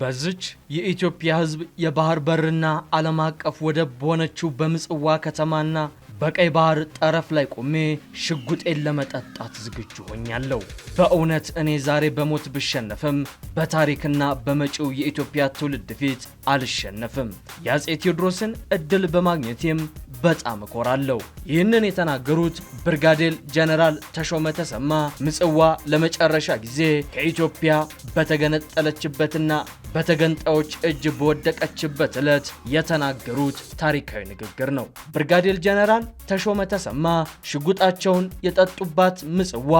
በዚች የኢትዮጵያ ሕዝብ የባህር በርና ዓለም አቀፍ ወደብ በሆነችው በምጽዋ ከተማና በቀይ ባህር ጠረፍ ላይ ቆሜ ሽጉጤን ለመጠጣት ዝግጁ ሆኛለሁ። በእውነት እኔ ዛሬ በሞት ብሸነፍም በታሪክና በመጪው የኢትዮጵያ ትውልድ ፊት አልሸነፍም። የአፄ ቴዎድሮስን ዕድል በማግኘቴም በጣም እኮራለሁ። ይህንን የተናገሩት ብርጋዴር ጀነራል ተሾመ ተሰማ ምጽዋ ለመጨረሻ ጊዜ ከኢትዮጵያ በተገነጠለችበትና በተገንጣዮች እጅ በወደቀችበት ዕለት የተናገሩት ታሪካዊ ንግግር ነው። ብርጋዴር ጀነራል ተሾመ ተሰማ ሽጉጣቸውን የጠጡባት ምጽዋ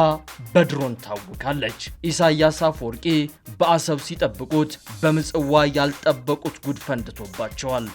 በድሮን ታውካለች። ኢሳያስ አፈወርቂ በአሰብ ሲጠብቁት በምጽዋ ያልጠበቁት ጉድ ፈንድቶባቸዋል።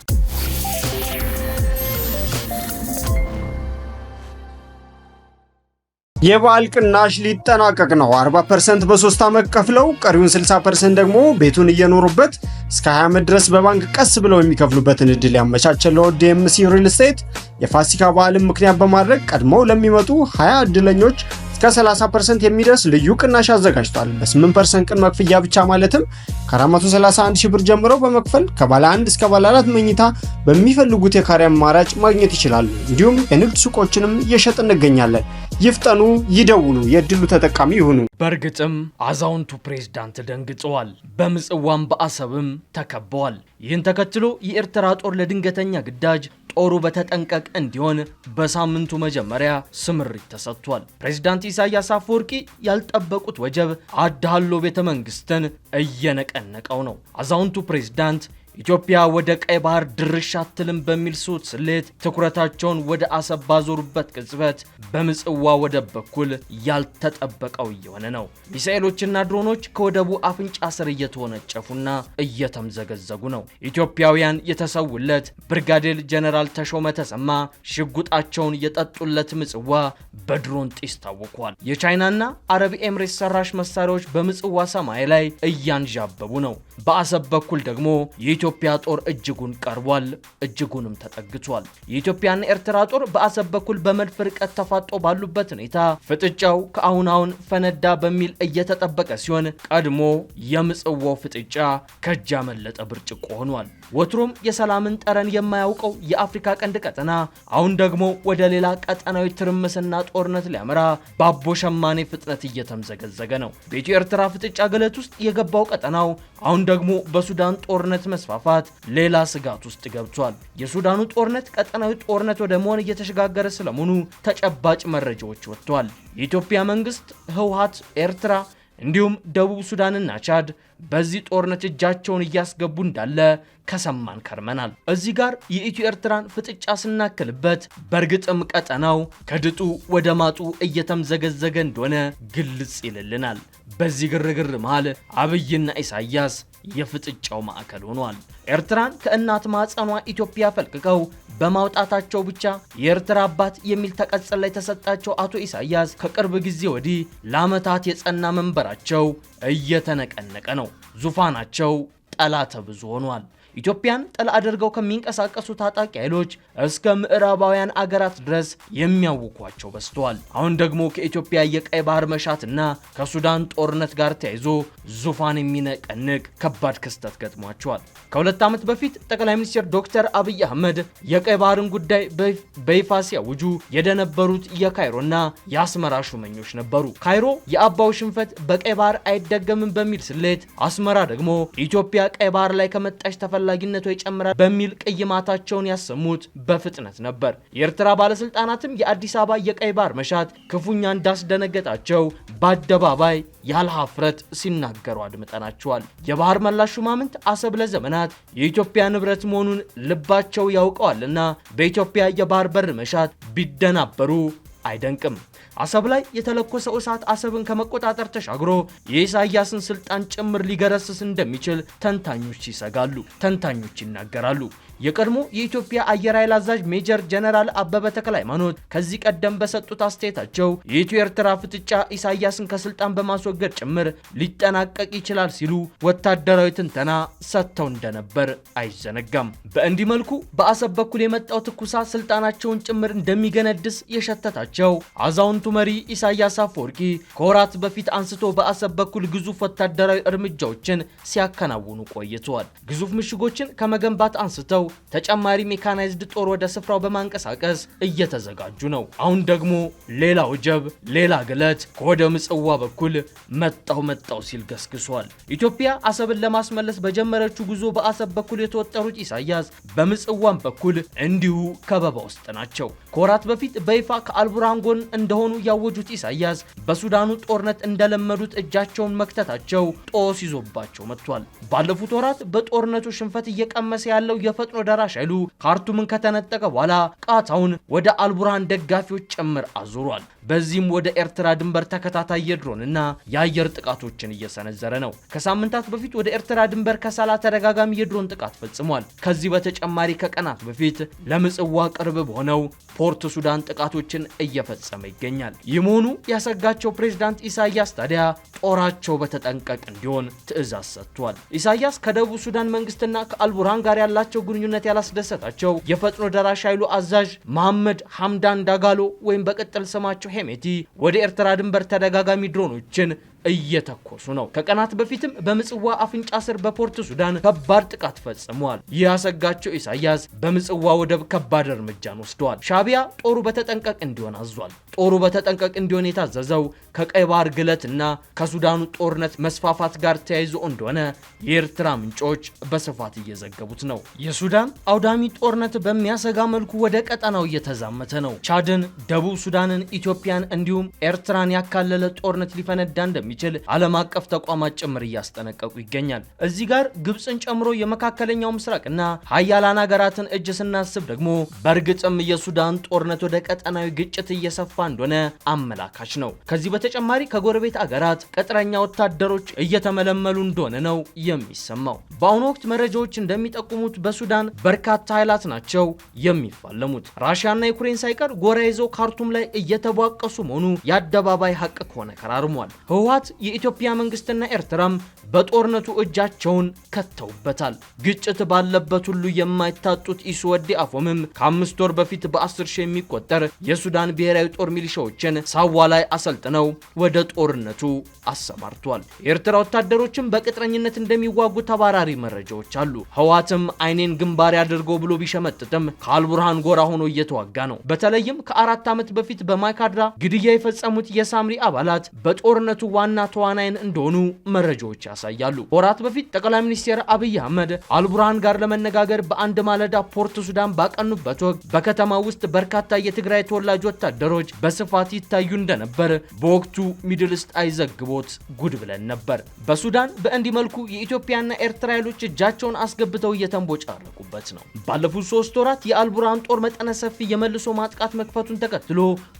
የበዓል ቅናሽ ሊጠናቀቅ ነው። 40 ፐርሰንት በሶስት ዓመት ከፍለው ቀሪውን 60 ፐርሰንት ደግሞ ቤቱን እየኖሩበት እስከ 20 ዓመት ድረስ በባንክ ቀስ ብለው የሚከፍሉበትን እድል ያመቻቸለው ዲኤምሲ ሪል ስቴት የፋሲካ በዓልን ምክንያት በማድረግ ቀድመው ለሚመጡ 20 እድለኞች እስከ 30% የሚደርስ ልዩ ቅናሽ አዘጋጅቷል። በ8% ቅን መክፍያ ብቻ ማለትም ከ431 ሺህ ብር ጀምሮ በመክፈል ከባለ 1 እስከ ባለ 4 መኝታ በሚፈልጉት የካሬ አማራጭ ማግኘት ይችላሉ። እንዲሁም የንግድ ሱቆችንም እየሸጥ እንገኛለን። ይፍጠኑ፣ ይደውሉ፣ የእድሉ ተጠቃሚ ይሁኑ። በእርግጥም አዛውንቱ ፕሬዝዳንት ደንግጸዋል። በምጽዋም በአሰብም ተከበዋል። ይህን ተከትሎ የኤርትራ ጦር ለድንገተኛ ግዳጅ ጦሩ በተጠንቀቅ እንዲሆን በሳምንቱ መጀመሪያ ስምሪት ተሰጥቷል። ፕሬዝዳንት ኢሳያስ አፈወርቂ ያልጠበቁት ወጀብ አዳሎ ቤተ መንግስትን እየነቀነቀው ነው። አዛውንቱ ፕሬዝዳንት ኢትዮጵያ ወደ ቀይ ባህር ድርሽ አትልም በሚል ስሌት ትኩረታቸውን ወደ አሰብ ባዞሩበት ቅጽበት በምጽዋ ወደብ በኩል ያልተጠበቀው እየሆነ ነው። ሚሳኤሎችና ድሮኖች ከወደቡ አፍንጫ ስር እየተወነጨፉና እየተምዘገዘጉ ነው። ኢትዮጵያውያን የተሰውለት ብርጋዴር ጀነራል ተሾመ ተሰማ ሽጉጣቸውን የጠጡለት ምጽዋ በድሮን ጢስ ታውቋል። የቻይናና አረብ ኤምሬት ሰራሽ መሳሪያዎች በምጽዋ ሰማይ ላይ እያንዣበቡ ነው። በአሰብ በኩል ደግሞ የኢትዮጵያ ጦር እጅጉን ቀርቧል፣ እጅጉንም ተጠግቷል። የኢትዮጵያና ኤርትራ ጦር በአሰብ በኩል በመድፍ ርቀት ተፋጦ ባሉበት ሁኔታ ፍጥጫው ከአሁን አሁን ፈነዳ በሚል እየተጠበቀ ሲሆን ቀድሞ የምጽዋው ፍጥጫ ከእጅ ያመለጠ ብርጭቆ ሆኗል። ወትሮም የሰላምን ጠረን የማያውቀው የአፍሪካ ቀንድ ቀጠና አሁን ደግሞ ወደ ሌላ ቀጠናዊ ትርምስና ጦርነት ሊያመራ በአቦ ሸማኔ ፍጥነት እየተምዘገዘገ ነው። በኢትዮ ኤርትራ ፍጥጫ ገለት ውስጥ የገባው ቀጠናው አሁን ደግሞ በሱዳን ጦርነት መስፋት መስፋፋት ሌላ ስጋት ውስጥ ገብቷል። የሱዳኑ ጦርነት ቀጠናዊ ጦርነት ወደ መሆን እየተሸጋገረ ስለመሆኑ ተጨባጭ መረጃዎች ወጥቷል። የኢትዮጵያ መንግስት፣ ህወሀት፣ ኤርትራ እንዲሁም ደቡብ ሱዳንና ቻድ በዚህ ጦርነት እጃቸውን እያስገቡ እንዳለ ከሰማን ከርመናል። እዚህ ጋር የኢትዮ ኤርትራን ፍጥጫ ስናክልበት በእርግጥም ቀጠናው ከድጡ ወደ ማጡ እየተምዘገዘገ እንደሆነ ግልጽ ይልልናል። በዚህ ግርግር መሃል አብይና ኢሳያስ የፍጥጫው ማዕከል ሆኗል። ኤርትራን ከእናት ማጸኗ ኢትዮጵያ ፈልቅቀው በማውጣታቸው ብቻ የኤርትራ አባት የሚል ተቀጽል ላይ የተሰጣቸው አቶ ኢሳያስ ከቅርብ ጊዜ ወዲህ ለዓመታት የጸና መንበራቸው እየተነቀነቀ ነው። ዙፋናቸው ጠላተ ብዙ ሆኗል። ኢትዮጵያን ጥል አድርገው ከሚንቀሳቀሱ ታጣቂ ኃይሎች እስከ ምዕራባውያን አገራት ድረስ የሚያውኳቸው በስተዋል። አሁን ደግሞ ከኢትዮጵያ የቀይ ባህር መሻትና ከሱዳን ጦርነት ጋር ተያይዞ ዙፋን የሚነቀንቅ ከባድ ክስተት ገጥሟቸዋል። ከሁለት ዓመት በፊት ጠቅላይ ሚኒስትር ዶክተር አብይ አህመድ የቀይ ባህርን ጉዳይ በይፋ ሲያውጁ የደነበሩት የካይሮና የአስመራ ሹመኞች ነበሩ። ካይሮ የአባው ሽንፈት በቀይ ባህር አይደገምም በሚል ስሌት፣ አስመራ ደግሞ ኢትዮጵያ ቀይ ባህር ላይ ከመጣች ተፈ አስፈላጊነቷ ይጨምራል በሚል ቅይማታቸውን ያሰሙት በፍጥነት ነበር። የኤርትራ ባለስልጣናትም የአዲስ አበባ የቀይ ባህር መሻት ክፉኛ እንዳስደነገጣቸው በአደባባይ ያለ ሀፍረት ሲናገሩ አድምጠናቸዋል። የባህር መላሽ ሹማምንት አሰብ ለዘመናት የኢትዮጵያ ንብረት መሆኑን ልባቸው ያውቀዋልና በኢትዮጵያ የባህር በር መሻት ቢደናበሩ አይደንቅም። አሰብ ላይ የተለኮሰው እሳት አሰብን ከመቆጣጠር ተሻግሮ የኢሳያስን ስልጣን ጭምር ሊገረስስ እንደሚችል ተንታኞች ይሰጋሉ፣ ተንታኞች ይናገራሉ። የቀድሞ የኢትዮጵያ አየር ኃይል አዛዥ ሜጀር ጀነራል አበበ ተክለ ሃይማኖት ከዚህ ቀደም በሰጡት አስተያየታቸው የኢትዮ ኤርትራ ፍጥጫ ኢሳያስን ከስልጣን በማስወገድ ጭምር ሊጠናቀቅ ይችላል ሲሉ ወታደራዊ ትንተና ሰጥተው እንደነበር አይዘነጋም። በእንዲህ መልኩ በአሰብ በኩል የመጣው ትኩሳ ስልጣናቸውን ጭምር እንደሚገነድስ የሸተታቸው አዛውንቱ መሪ ኢሳያስ አፈወርቂ ከወራት በፊት አንስቶ በአሰብ በኩል ግዙፍ ወታደራዊ እርምጃዎችን ሲያከናውኑ ቆይተዋል። ግዙፍ ምሽጎችን ከመገንባት አንስተው አስመልክተው ተጨማሪ ሜካናይዝድ ጦር ወደ ስፍራው በማንቀሳቀስ እየተዘጋጁ ነው። አሁን ደግሞ ሌላ ወጀብ፣ ሌላ ግለት ከወደ ምጽዋ በኩል መጣው መጣው ሲል ገስግሷል። ኢትዮጵያ አሰብን ለማስመለስ በጀመረችው ጉዞ በአሰብ በኩል የተወጠሩት ኢሳያስ በምጽዋም በኩል እንዲሁ ከበባ ውስጥ ናቸው። ከወራት በፊት በይፋ ከአልቡርሃን ጎን እንደሆኑ ያወጁት ኢሳያስ በሱዳኑ ጦርነት እንደለመዱት እጃቸውን መክተታቸው ጦስ ይዞባቸው መጥቷል። ባለፉት ወራት በጦርነቱ ሽንፈት እየቀመሰ ያለው የፈጥ ፈጥኖ ደራሽ ኃይሉ ካርቱምን ከተነጠቀ በኋላ ቃታውን ወደ አልቡርሃን ደጋፊዎች ጭምር አዙሯል። በዚህም ወደ ኤርትራ ድንበር ተከታታይ የድሮን እና የአየር ጥቃቶችን እየሰነዘረ ነው። ከሳምንታት በፊት ወደ ኤርትራ ድንበር ከሳላ ተደጋጋሚ የድሮን ጥቃት ፈጽሟል። ከዚህ በተጨማሪ ከቀናት በፊት ለምጽዋ ቅርብ በሆነው ፖርት ሱዳን ጥቃቶችን እየፈጸመ ይገኛል። ይህ መሆኑ ያሰጋቸው ፕሬዝዳንት ኢሳያስ ታዲያ ጦራቸው በተጠንቀቅ እንዲሆን ትዕዛዝ ሰጥቷል። ኢሳያስ ከደቡብ ሱዳን መንግስትና ከአልቡርሃን ጋር ያላቸው ግንኙነት ያላስደሰታቸው የፈጥኖ ደራሽ ኃይሉ አዛዥ መሐመድ ሐምዳን ዳጋሎ ወይም በቅጥል ስማቸው ሄሜቲ ወደ ኤርትራ ድንበር ተደጋጋሚ ድሮኖችን እየተኮሱ ነው። ከቀናት በፊትም በምጽዋ አፍንጫ ስር በፖርት ሱዳን ከባድ ጥቃት ፈጽመዋል። ያሰጋቸው ኢሳያስ በምጽዋ ወደብ ከባድ እርምጃን ወስደዋል። ሻቢያ ጦሩ በተጠንቀቅ እንዲሆን አዟል። ጦሩ በተጠንቀቅ እንዲሆን የታዘዘው ከቀይ ባህር ግለት እና ከሱዳኑ ጦርነት መስፋፋት ጋር ተያይዞ እንደሆነ የኤርትራ ምንጮች በስፋት እየዘገቡት ነው። የሱዳን አውዳሚ ጦርነት በሚያሰጋ መልኩ ወደ ቀጠናው እየተዛመተ ነው። ቻድን፣ ደቡብ ሱዳንን፣ ኢትዮጵያን እንዲሁም ኤርትራን ያካለለ ጦርነት ሊፈነዳ እንደሚችል ዓለም አቀፍ ተቋማት ጭምር እያስጠነቀቁ ይገኛል። እዚህ ጋር ግብፅን ጨምሮ የመካከለኛው ምስራቅ እና ሀያላን ሀገራትን እጅ ስናስብ ደግሞ በእርግጥም የሱዳን ጦርነት ወደ ቀጠናዊ ግጭት እየሰፋ እንደሆነ አመላካች ነው። ከዚህ በተጨማሪ ከጎረቤት አገራት ቅጥረኛ ወታደሮች እየተመለመሉ እንደሆነ ነው የሚሰማው። በአሁኑ ወቅት መረጃዎች እንደሚጠቁሙት በሱዳን በርካታ ኃይላት ናቸው የሚፋለሙት። ራሽያና ዩክሬን ሳይቀር ጎራ ይዘው ካርቱም ላይ እየተቧቀሱ መሆኑ የአደባባይ ሀቅ ከሆነ ከራርሟል። ህወሓት የኢትዮጵያ መንግስትና ኤርትራም በጦርነቱ እጃቸውን ከተውበታል። ግጭት ባለበት ሁሉ የማይታጡት ኢሱ ወዲ አፎምም ከአምስት ወር በፊት በ10 ሺህ የሚቆጠር የሱዳን ብሔራዊ ጦር ሚሊሻዎችን ሳዋ ላይ አሰልጥነው ወደ ጦርነቱ አሰማርቷል። የኤርትራ ወታደሮችም በቅጥረኝነት እንደሚዋጉ ተባራሪ መረጃዎች አሉ። ህዋትም አይኔን ግንባር ያድርገው ብሎ ቢሸመጥትም ከአልቡርሃን ጎራ ሆኖ እየተዋጋ ነው። በተለይም ከአራት ዓመት በፊት በማይካድራ ግድያ የፈጸሙት የሳምሪ አባላት በጦርነቱ ዋና ተዋናይን እንደሆኑ መረጃዎች ያሳያሉ። ወራት በፊት ጠቅላይ ሚኒስትር አብይ አህመድ አልቡርሃን ጋር ለመነጋገር በአንድ ማለዳ ፖርት ሱዳን ባቀኑበት ወቅት በከተማ ውስጥ በርካታ የትግራይ ተወላጅ ወታደሮች በስፋት ይታዩ እንደነበር በወቅቱ ሚድል ኢስት አይዘግቦት ዘግቦት ጉድ ብለን ነበር። በሱዳን በእንዲህ መልኩ የኢትዮጵያና ኤርትራ ኃይሎች እጃቸውን አስገብተው እየተንቦጫረቁበት ነው። ባለፉት ሶስት ወራት የአልቡራን ጦር መጠነ ሰፊ የመልሶ ማጥቃት መክፈቱን ተከትሎ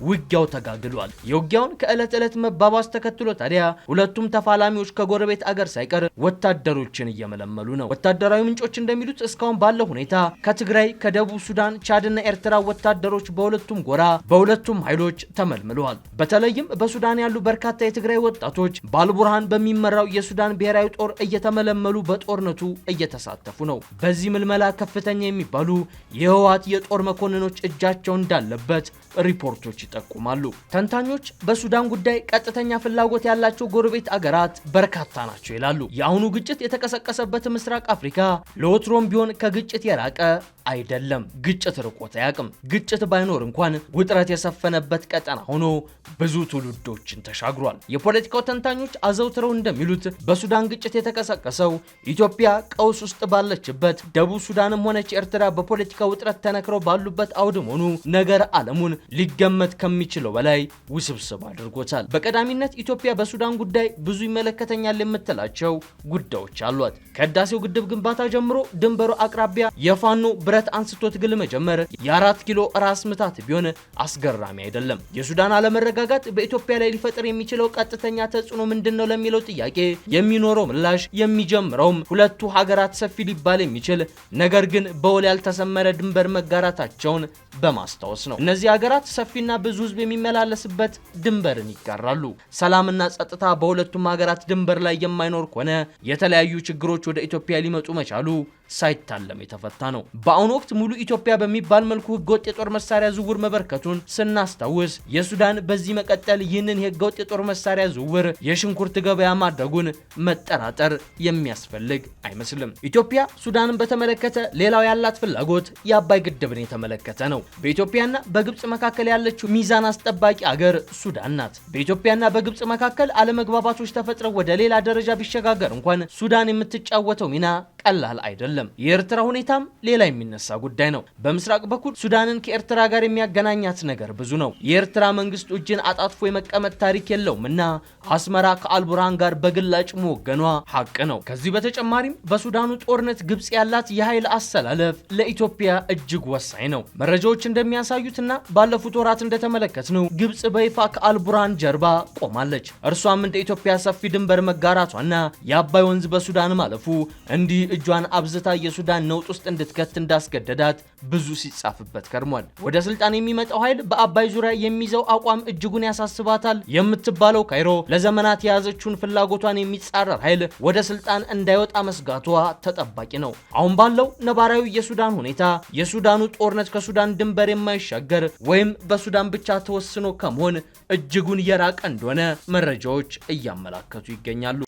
ውጊያው ተጋግሏል። የውጊያውን ከዕለት ዕለት መባባስ ተከትሎ ታዲያ ሁለቱም ተፋላሚዎች ከጎረቤት አገር ሳይቀር ወታደሮችን እየመለመሉ ነው። ወታደራዊ ምንጮች እንደሚሉት እስካሁን ባለው ሁኔታ ከትግራይ፣ ከደቡብ ሱዳን፣ ቻድና ኤርትራ ወታደሮች በሁለቱም ጎራ በሁለቱም ኃይሎች ወጣቶች ተመልምለዋል። በተለይም በሱዳን ያሉ በርካታ የትግራይ ወጣቶች በአልቡርሃን በሚመራው የሱዳን ብሔራዊ ጦር እየተመለመሉ በጦርነቱ እየተሳተፉ ነው። በዚህ ምልመላ ከፍተኛ የሚባሉ የህወሓት የጦር መኮንኖች እጃቸው እንዳለበት ሪፖርቶች ይጠቁማሉ። ተንታኞች በሱዳን ጉዳይ ቀጥተኛ ፍላጎት ያላቸው ጎረቤት አገራት በርካታ ናቸው ይላሉ። የአሁኑ ግጭት የተቀሰቀሰበት ምስራቅ አፍሪካ ለወትሮም ቢሆን ከግጭት የራቀ አይደለም። ግጭት ርቆት አያውቅም። ግጭት ባይኖር እንኳን ውጥረት የሰፈነበት የጦርነት ቀጠና ሆኖ ብዙ ትውልዶችን ተሻግሯል። የፖለቲካው ተንታኞች አዘውትረው እንደሚሉት በሱዳን ግጭት የተቀሰቀሰው ኢትዮጵያ ቀውስ ውስጥ ባለችበት፣ ደቡብ ሱዳንም ሆነች ኤርትራ በፖለቲካ ውጥረት ተነክረው ባሉበት አውድ መሆኑ ነገር ዓለሙን ሊገመት ከሚችለው በላይ ውስብስብ አድርጎታል። በቀዳሚነት ኢትዮጵያ በሱዳን ጉዳይ ብዙ ይመለከተኛል የምትላቸው ጉዳዮች አሏት። ከህዳሴው ግድብ ግንባታ ጀምሮ ድንበሩ አቅራቢያ የፋኖ ብረት አንስቶ ትግል መጀመር የአራት ኪሎ ራስ ምታት ቢሆን አስገራሚ አይደለም። አይደለም። የሱዳን አለመረጋጋት በኢትዮጵያ ላይ ሊፈጥር የሚችለው ቀጥተኛ ተጽዕኖ ምንድን ነው ለሚለው ጥያቄ የሚኖረው ምላሽ የሚጀምረውም ሁለቱ ሀገራት ሰፊ ሊባል የሚችል ነገር ግን በውል ያልተሰመረ ድንበር መጋራታቸውን በማስታወስ ነው። እነዚህ ሀገራት ሰፊና ብዙ ህዝብ የሚመላለስበት ድንበርን ይጋራሉ። ሰላምና ጸጥታ በሁለቱም ሀገራት ድንበር ላይ የማይኖር ከሆነ የተለያዩ ችግሮች ወደ ኢትዮጵያ ሊመጡ መቻሉ ሳይታለም የተፈታ ነው። በአሁኑ ወቅት ሙሉ ኢትዮጵያ በሚባል መልኩ ህገወጥ የጦር መሳሪያ ዝውውር መበርከቱን ስናስታውስ የሱዳን በዚህ መቀጠል ይህንን የህገወጥ የጦር መሳሪያ ዝውውር የሽንኩርት ገበያ ማድረጉን መጠራጠር የሚያስፈልግ አይመስልም። ኢትዮጵያ ሱዳንን በተመለከተ ሌላው ያላት ፍላጎት የአባይ ግድብን የተመለከተ ነው። በኢትዮጵያና በግብጽ መካከል ያለችው ሚዛን አስጠባቂ አገር ሱዳን ናት። በኢትዮጵያና በግብጽ መካከል አለመግባባቶች ተፈጥረው ወደ ሌላ ደረጃ ቢሸጋገር እንኳን ሱዳን የምትጫወተው ሚና ቀላል አይደለም። አይደለም። የኤርትራ ሁኔታም ሌላ የሚነሳ ጉዳይ ነው። በምስራቅ በኩል ሱዳንን ከኤርትራ ጋር የሚያገናኛት ነገር ብዙ ነው። የኤርትራ መንግስት እጅን አጣጥፎ የመቀመጥ ታሪክ የለውም እና አስመራ ከአልቡርሃን ጋር በግላጭ መወገኗ ሀቅ ነው። ከዚህ በተጨማሪም በሱዳኑ ጦርነት ግብጽ ያላት የኃይል አሰላለፍ ለኢትዮጵያ እጅግ ወሳኝ ነው። መረጃዎች እንደሚያሳዩትና ባለፉት ወራት እንደተመለከት ነው ግብጽ በይፋ ከአልቡርሃን ጀርባ ቆማለች። እርሷም እንደ ኢትዮጵያ ሰፊ ድንበር መጋራቷና የአባይ ወንዝ በሱዳን ማለፉ እንዲህ እጇን አብዝ ገጽታ የሱዳን ነውጥ ውስጥ እንድትከት እንዳስገደዳት ብዙ ሲጻፍበት ከርሟል። ወደ ስልጣን የሚመጣው ኃይል በአባይ ዙሪያ የሚይዘው አቋም እጅጉን ያሳስባታል የምትባለው ካይሮ ለዘመናት የያዘችውን ፍላጎቷን የሚጻረር ኃይል ወደ ስልጣን እንዳይወጣ መስጋቷ ተጠባቂ ነው። አሁን ባለው ነባራዊ የሱዳን ሁኔታ የሱዳኑ ጦርነት ከሱዳን ድንበር የማይሻገር ወይም በሱዳን ብቻ ተወስኖ ከመሆን እጅጉን የራቀ እንደሆነ መረጃዎች እያመላከቱ ይገኛሉ።